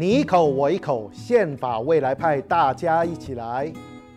你一口我一口，憲法未來派，大家一起來！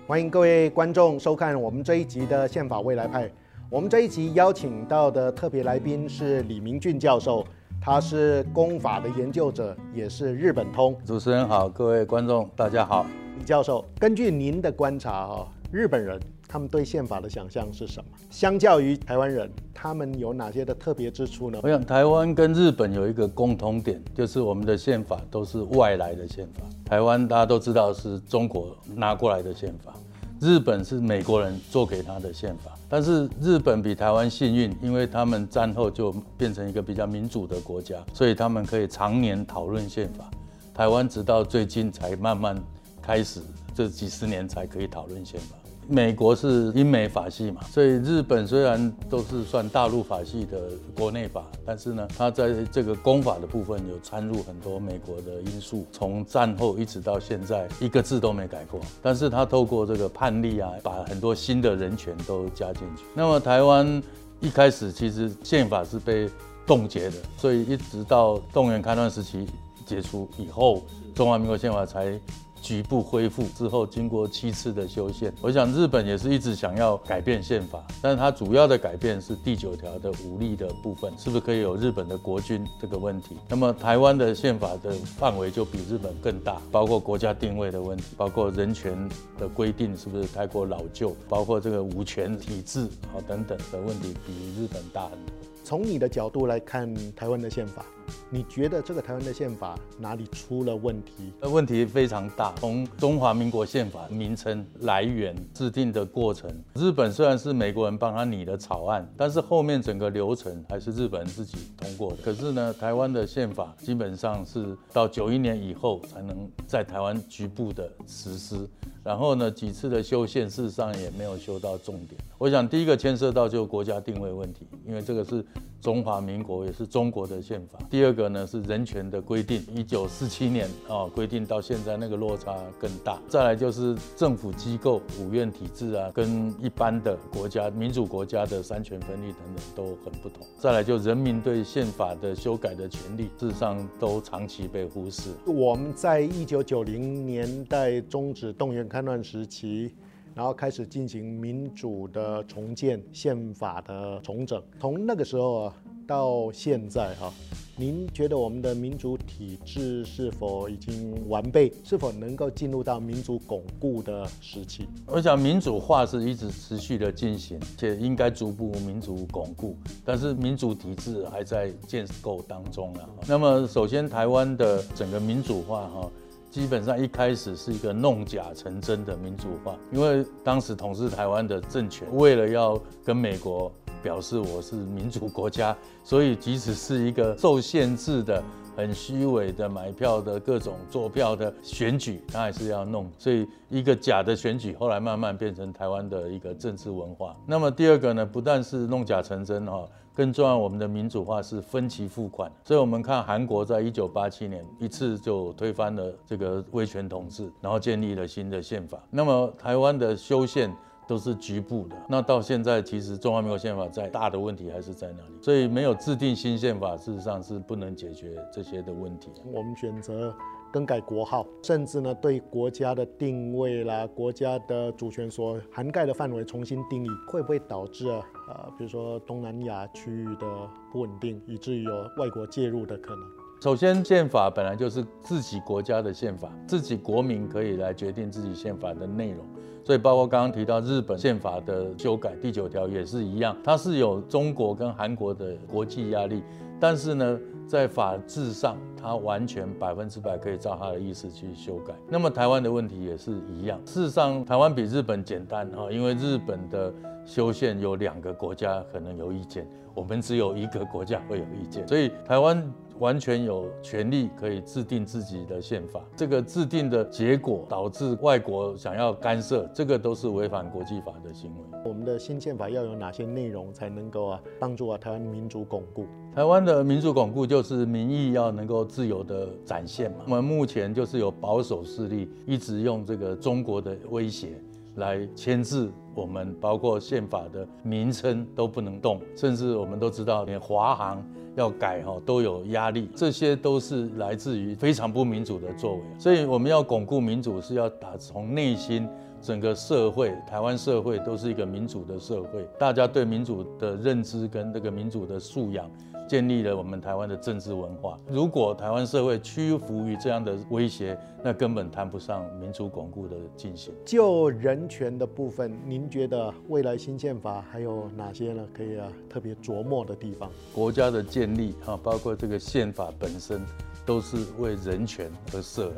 歡迎各位觀眾收看我們這一集的憲法未來派。我們這一集邀請到的特別來賓是李明峻教授，他是公法的研究者，也是日本通。主持人好，各位觀眾大家好。李教授，根據您的觀察啊，日本人。他們對憲法的想象是什麼？相較於台灣人，他們有哪些的特別之處呢？我想，台灣跟日本有一個共同點，就是我們的憲法都是外來的憲法。台灣大家都知道是中國拿過來的憲法，日本是美國人做給他的憲法。但是日本比台灣幸運，因為他們戰後就變成一個比較民主的國家，所以他們可以常年討論憲法。台灣直到最近才慢慢開始，這幾十年才可以討論憲法。美國是英美法系嘛，所以日本雖然都是算大陸法系的國內法，但是呢，它在這個公法的部分有摻入很多美國的因素。從戰後一直到現在，一個字都沒改過，但是它透過這個判例啊，把很多新的人權都加進去。那麼台灣一開始其實憲法是被凍結的，所以一直到動員戡亂時期結束以後，中華民國憲法才。局部恢復之後，經過七次的修憲，我想日本也是一直想要改變憲法，但是它主要的改變是第九條的武力的部分，是不是可以有日本的國軍這個問題？那麼台灣的憲法的範圍就比日本更大，包括國家定位的問題，包括人權的規定是不是太過老舊，包括這個五權體制啊等等的問題，比日本大很多。從你的角度來看，台灣的憲法。你覺得這個台灣的憲法哪裡出了問題？那問題非常大。從中華民國憲法名稱來源、制定的過程，日本雖然是美國人幫他擬的草案，但是後面整個流程還是日本人自己通過的。可是呢，台灣的憲法基本上是到九一年以後才能在台灣局部的實施。然後呢，幾次的修憲事實上也沒有修到重點。我想第一個牽涉到就國家定位問題，因為這個是中華民國也是中國的憲法。第二個呢是人權的規定，一九四七年啊、哦、規定到現在那個落差更大。再來就是政府機構五院體制啊，跟一般的國家民主國家的三權分立等等都很不同。再來就人民對憲法的修改的權利，事實上都長期被忽視。我們在一九九零年代終止動員戡亂時期，然後開始進行民主的重建、憲法的重整。從那個時候啊到現在哈。您覺得我們的民主體制是否已經完備？是否能夠進入到民主鞏固的時期？我想民主化是一直持續的進行，且應該逐步民主鞏固，但是民主體制還在建構當中了。那麼，首先台灣的整個民主化，哈。基本上一開始是一個弄假成真的民主化，因為當時統治台灣的政權為了要跟美國表示我是民主國家，所以即使是一個受限制的。很虛偽的買票的各種作票的選舉，他還是要弄，所以一個假的選舉，後來慢慢變成台灣的一個政治文化。那麼第二個呢，不但是弄假成真哈，更重要我們的民主化是分期付款。所以我們看韓國在一九八七年一次就推翻了這個威權統治，然後建立了新的憲法。那麼台灣的修憲。都是局部的，那到現在其實《中華民國憲法》在大的問題還是在那裡，所以沒有制定新憲法，事實上是不能解決這些的問題。我們選擇更改國號，甚至呢對國家的定位啦、國家的主權所涵蓋的範圍重新定義，會不會導致啊，呃，比如說東南亞區域的不穩定，以至於有外國介入的可能。首先，憲法本來就是自己國家的憲法，自己國民可以來決定自己憲法的內容。所以，包括剛剛提到日本憲法的修改第九條也是一樣，它是有中國跟韓國的國際壓力，但是呢，在法制上。他完全百分之百可以照他的意思去修改。那麼台灣的問題也是一樣。事實上，台灣比日本簡單哈、哦，因為日本的修憲有兩個國家可能有意見，我們只有一個國家會有意見，所以台灣完全有權利可以制定自己的憲法。這個制定的結果導致外國想要干涉，這個都是違反國際法的行為。我們的新憲法要有哪些內容才能夠啊幫助啊台灣民主鞏固？台灣的民主鞏固就是民意要能夠。自由的展現嘛，我們目前就是有保守勢力一直用這個中國的威脅來牽制我們，包括憲法的名稱都不能動，甚至我們都知道連華航要改齁都有壓力，這些都是來自於非常不民主的作為。所以我們要鞏固民主，是要打從內心，整個社會，台灣社會都是一個民主的社會，大家對民主的認知跟這個民主的素養。建立了我們台灣的政治文化。如果台灣社會屈服於這樣的威脅，那根本談不上民主鞏固的進行。就人權的部分，您覺得未來新憲法還有哪些呢？可以啊，特別琢磨的地方。國家的建立啊，包括這個憲法本身，都是為人權而設的。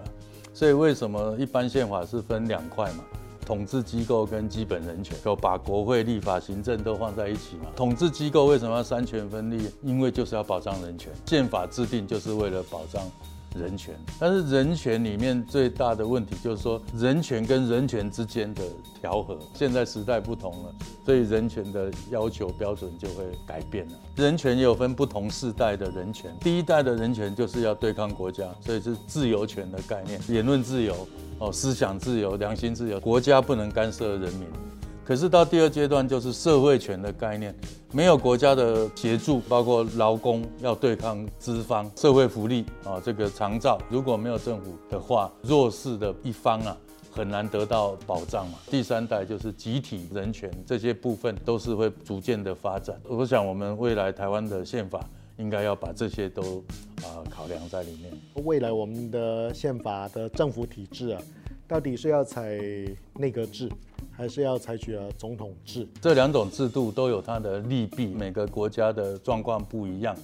所以為什麼一般憲法是分兩塊嘛？統治機構跟基本人權，就把國會立法、行政都放在一起嘛。統治機構為什麼要三權分立？因為就是要保障人權。憲法制定就是為了保障。人權，但是人權裡面最大的問題就是說，人權跟人權之間的調和，現在時代不同了，所以人權的要求標準就會改變了。人權也有分不同世代的人權，第一代的人權就是要對抗國家，所以是自由權的概念，言論自由，哦，思想自由，良心自由，國家不能干涉人民。可是到第二階段就是社會權的概念。沒有國家的協助，包括勞工要對抗資方，社會福利啊，這個長照，如果沒有政府的話，弱勢的一方啊，很難得到保障嘛。第三代就是集體人權，這些部分都是會逐漸的發展。我想，我們未來台灣的憲法應該要把這些都啊考量在裡面。未來我們的憲法的政府體制啊，到底是要採內閣制？還是要採取啊總統制，這兩種制度都有它的利弊，每個國家的狀況不一樣，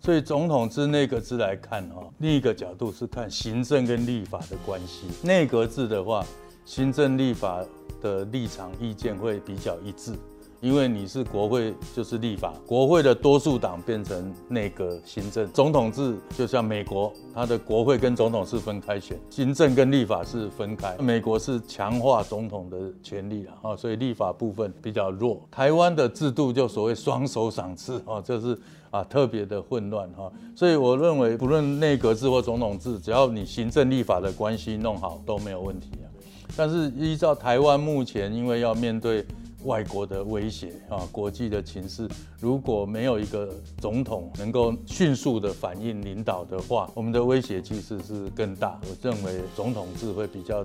所以總統制內閣制來看啊、哦，另一個角度是看行政跟立法的關係。內閣制的話，行政立法的立場意見會比較一致。因為你是國會，就是立法；國會的多數黨變成內閣行政總統制，就像美國，它的國會跟總統是分開選，行政跟立法是分開。美國是強化總統的權力了啊，所以立法部分比較弱。台灣的制度就所謂“雙首長制”啊，這是啊特別的混亂啊。所以我認為，不論內閣制或總統制，只要你行政立法的關係弄好，都沒有問題啊。但是依照台灣目前，因為要面對。外國的威脅啊，國際的情勢，如果沒有一個總統能夠迅速地反應領導的話，我們的威脅其實是更大。我認為總統制會比較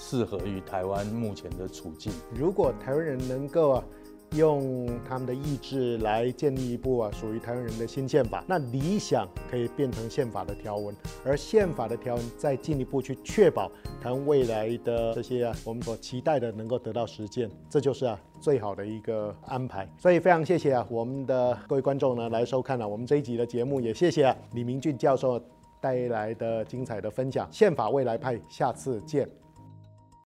適合於台灣目前的處境。如果台灣人能夠啊。用他們的意志來建立一部啊屬於台灣人的新憲法，那理想可以變成憲法的條文，而憲法的條文再進一步去確保台灣未來的這些啊我們所期待的能夠得到實踐，這就是啊最好的一個安排。所以非常謝謝啊我們的各位觀眾呢來收看了、啊、我們這一集的節目，也謝謝、啊、李明俊教授帶來的精彩的分享。憲法未來派，下次見。